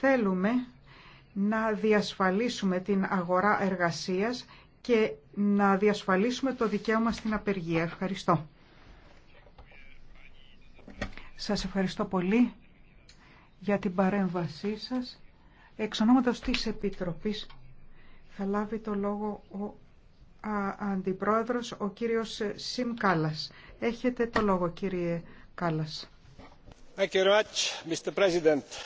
Θέλουμε να διασφαλίσουμε την αγορά εργασίας και να διασφαλίσουμε το δικαίωμα στην απεργία. Ευχαριστώ. Σας ευχαριστώ πολύ για την παρέμβασή σας. Εξ ονόματος της Επιτροπής θα λάβει το λόγο ο Αντιπρόεδρος, ο κύριος Σιμ Κάλλας. Έχετε το λόγο κύριε Κάλλας mr president